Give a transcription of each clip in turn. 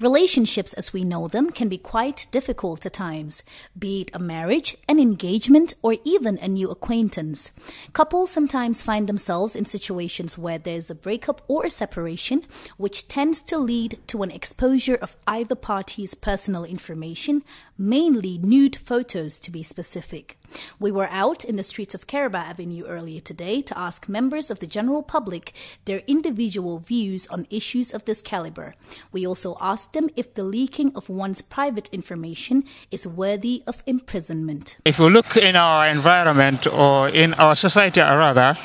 Relationships as we know them can be quite difficult at times, be it a marriage, an engagement, or even a new acquaintance. Couples sometimes find themselves in situations where there is a breakup or a separation, which tends to lead to an exposure of either party's personal information, mainly nude photos to be specific. We were out in the streets of Caraba Avenue earlier today to ask members of the general public their individual views on issues of this caliber. We also asked them if the leaking of one's private information is worthy of imprisonment. If we look in our environment or in our society, or rather,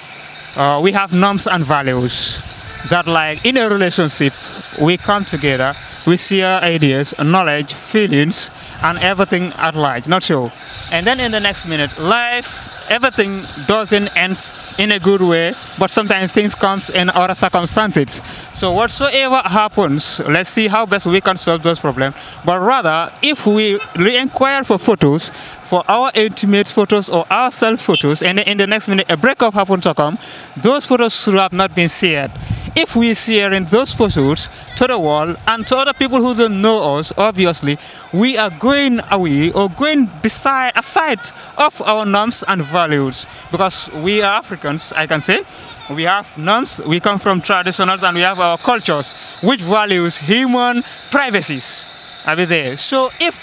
uh, we have norms and values that, like in a relationship, we come together we share ideas, knowledge, feelings, and everything at large. Not sure. And then in the next minute, life, everything doesn't end in a good way, but sometimes things comes in other circumstances. So whatsoever happens, let's see how best we can solve those problems. But rather, if we re-inquire for photos, for our intimate photos or our self photos, and in the next minute a breakup happens to come, those photos should have not been shared if we sharing those photos to the world and to other people who don't know us, obviously, we are going away or going beside aside of our norms and values because we are Africans, I can say. We have norms, we come from traditionals and we have our cultures which values human privacies. Are we there? So if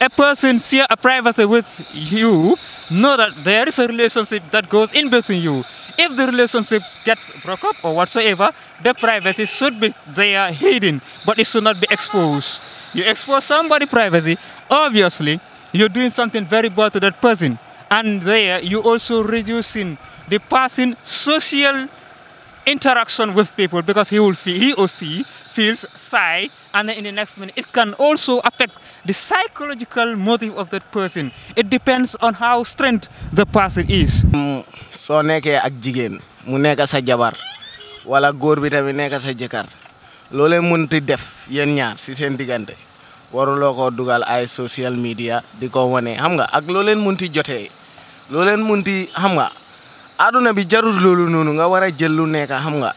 a person share a privacy with you, know that there is a relationship that goes in between you. If the relationship gets broke up or whatsoever, the privacy should be there hidden, but it should not be exposed. You expose somebody's privacy, obviously, you're doing something very bad to that person. And there, you're also reducing the person social interaction with people because he will feel, he or she feels shy and then in the next minute it can also affect the psychological motive of that person it depends on how strength the person is mm. soo nekkee ak jigéen mu nekk sa jabar wala góor bi tamit nekk sa jëkkër loolee mënti def yéen ñaar si seen diggante waruloo koo dugal ay social media di ko wane xam nga ak loo leen munti jotee loo leen ti xam nga àdduna bi jarul loolu noonu nga war a jël lu nekk xam nga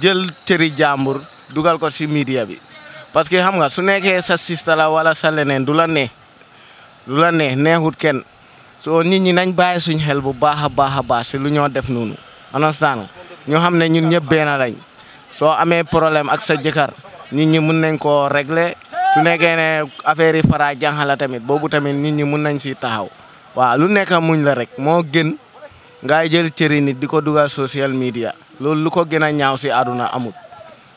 jël cëri jàmbur dugal ko si media bi parce que xam nga su nekkee sa sista la wala sa leneen du la ne du la ne neexut kenn so nit ñi nañ baye suñ xel bu baaxa baaxa baax ci lu ñoo def noonu anastan ñu xamne ñun ñepp benn lañ so amé problème ak sa jëkkar nit ñi mun nañ ko régler su né affaire yi fara tamit bobu tamit nit ñi mun nañ si taxaw wa lu nekk muñ la rek mo gën ngaay jël cëri nit diko social media lool lu ko gëna ñaaw si aduna amut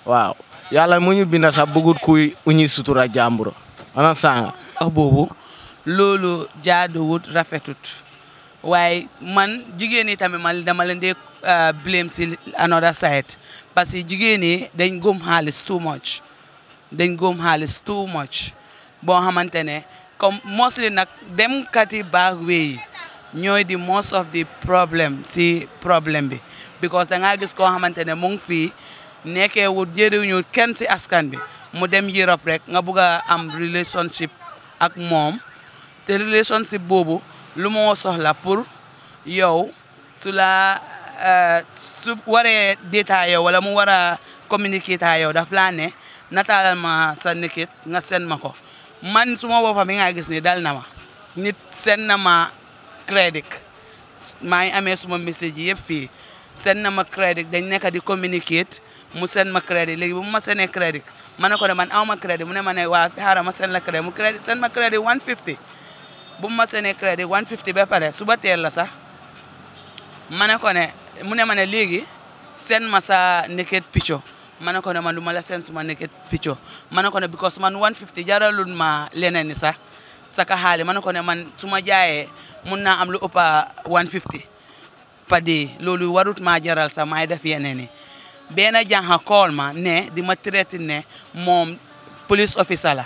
waaw yalla mo ñu bind sa bëggut kuy uñi sutura jàmbur anastan ah bobu loolu jaaduwut rafetut waaye man jigéen yi tamit man dama leen dee euh, blame si another side parce que jigéen yi dañ góom xaalis too much dañ góom xaalis too much boo xamante ne comme mostly nag dem kati baax weyi ñooy di most of the problem si problème bi because da ngaa gis koo xamante ne mu fii nekkee wut jëriñu kenn si askan bi mu dem Europe rek nga bugg a am relationship ak moom te relationship boobu lu moo soxla pour yow su la euh, su waree détaillé yow wala mu war a communiquer taa yow daf laa ne nataalal ma sa nikit seen ma ko man su ma mi nga gis ni dal na ma nit seen na ma crédit maa ngi amee suma message yi yëpp fii seen na ma crédit dañ nekk di communiquer mu seen ma crédit léegi bu ma seenee crédit ma ne ko ne man aw ma mu ne ma ne waa xaaral ma seen la crédit mu crédit seen ma crédit 150 bu ma seenee wan 150 ba pare suba teel la sax ma ne ko ne mu ne ma ne léegi seen ma sa naked picture ma ne ko ne man du ma la seen suma naked picture ma ne ko ne because man 150 jaralul ma leneen ni sax saka xaali ma ne ko ne man su ma jaayee mun naa am lu ëpp 150 pa di loolu warut maa jaral sa maay def yeneen ni benn jànq kool ma ne di ma traité ne moom police officer la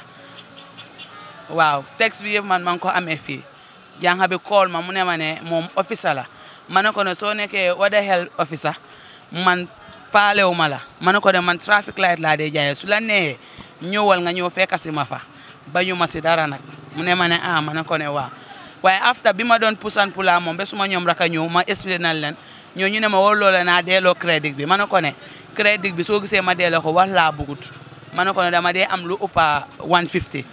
waaw texte bi yëpp man maa ngi ko amee fii jànga bi kool ma mu ne ma ne moom officer la ma ne ko ne soo nekkee wada hel officer man faalewu ma la ma ne ko ne man traffic light laa dee jaayee su la nee ñëwal nga ñëw fekk ma fa bañu ma si dara nag mu ne ma ne ah ma ne ko ne waaw waaye after bi ma doon pusan pula moom ba suma ñoom raka ñëw ma expliqué na leen ñoo ñu ne ma woo loola naa delloo crédit bi ma ne ko ne crédit bi soo gisee ma delloo ko wax laa bugut ma ne ko ne dama dee am lu ëpp 150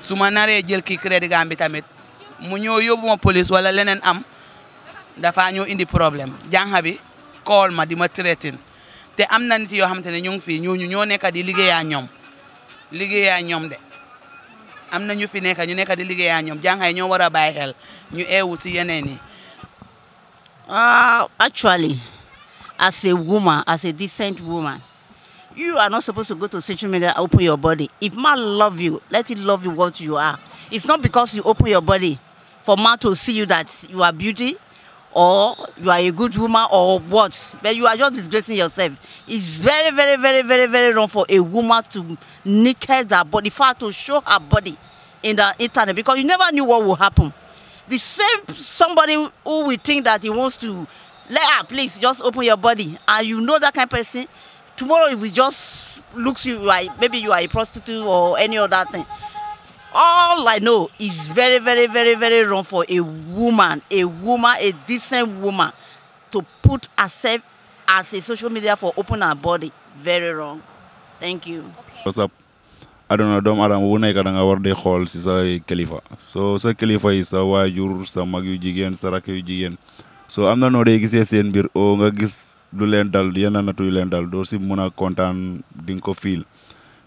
su ma naree jël kii crédit am bi tamit mu ñëw yóbbu ma police wala leneen am dafa ñoo indi problème jànq bi kool ma di ma traité te am na nit yoo xamante ne ñu ngi fii ñooñu ñoo nekka di liggéeyaa ñoom liggéeyaa ñoom de am na ñu fi nekk ñu nekk di liggéeyaa ñoom jànq yi ñoo war a bàyyi xel ñu eewu si yeneen yi. ah actually as a woman as a decent woman. You are not supposed to go to social media and open your body. If man love you, let him love you what you are. It's not because you open your body for man to see you that you are beauty or you are a good woman or what. But you are just disgracing yourself. It's very, very, very, very, very wrong for a woman to naked her body, for her to show her body in the internet because you never knew what will happen. The same somebody who will think that he wants to let her, please, just open your body and you know that kind of person Tomorrow it will just looks you like maybe you are a prostitute or any other thing. All I know is very, very, very, very wrong for a woman, a woman, a decent woman, to put herself as a social media for open her body. Very wrong. Thank you. Okay. What's up? aduna doom aadama bu nekk da nga war di xool si sa kilifa so sa kilifa yi sa waajur sa mag yu jigéen sa rak yu jigéen so am not noo day gisee seen mbir o du len dal yena natu tu leen dal do si kontan a ding ko fil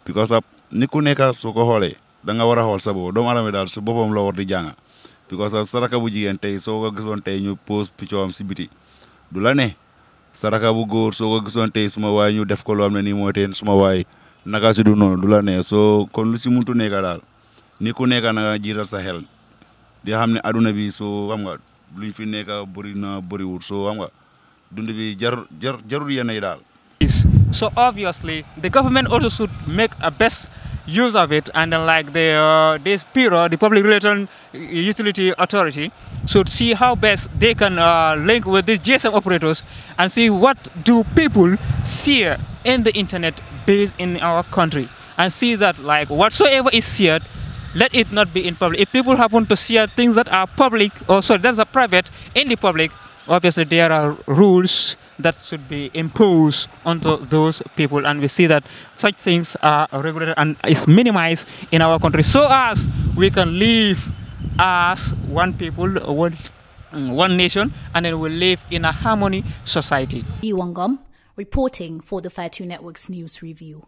because ap ni ku neka su ko hole da nga wara hol sa bo do dal su lo war di janga because ab saraka bu jigen tay so ko gison tay ñu pose am si biti du la ne saraka bu góor so ko gison tay suma way ñu def ko lo am ni mo suma way naka si du non du la ne so kon lu si muntu neka dal ni ku neka na nga sa hel di xam ne aduna bi so am nga luñ fi neka bëri na wut so am nga So obviously, the government also should make a best use of it, and then like the uh, this PIRO, the Public Relation Utility Authority, should see how best they can uh, link with these GSM operators and see what do people see in the internet based in our country, and see that like whatsoever is shared, let it not be in public. If people happen to share things that are public, or sorry, that's a private in the public, obviously there are rules that should be imposed onto those people and we see that such things are regulated and is minimized in our country so as we can live as one people one, one nation and then we live in a harmony society Iwangom reporting for the Fair 2 Network's news review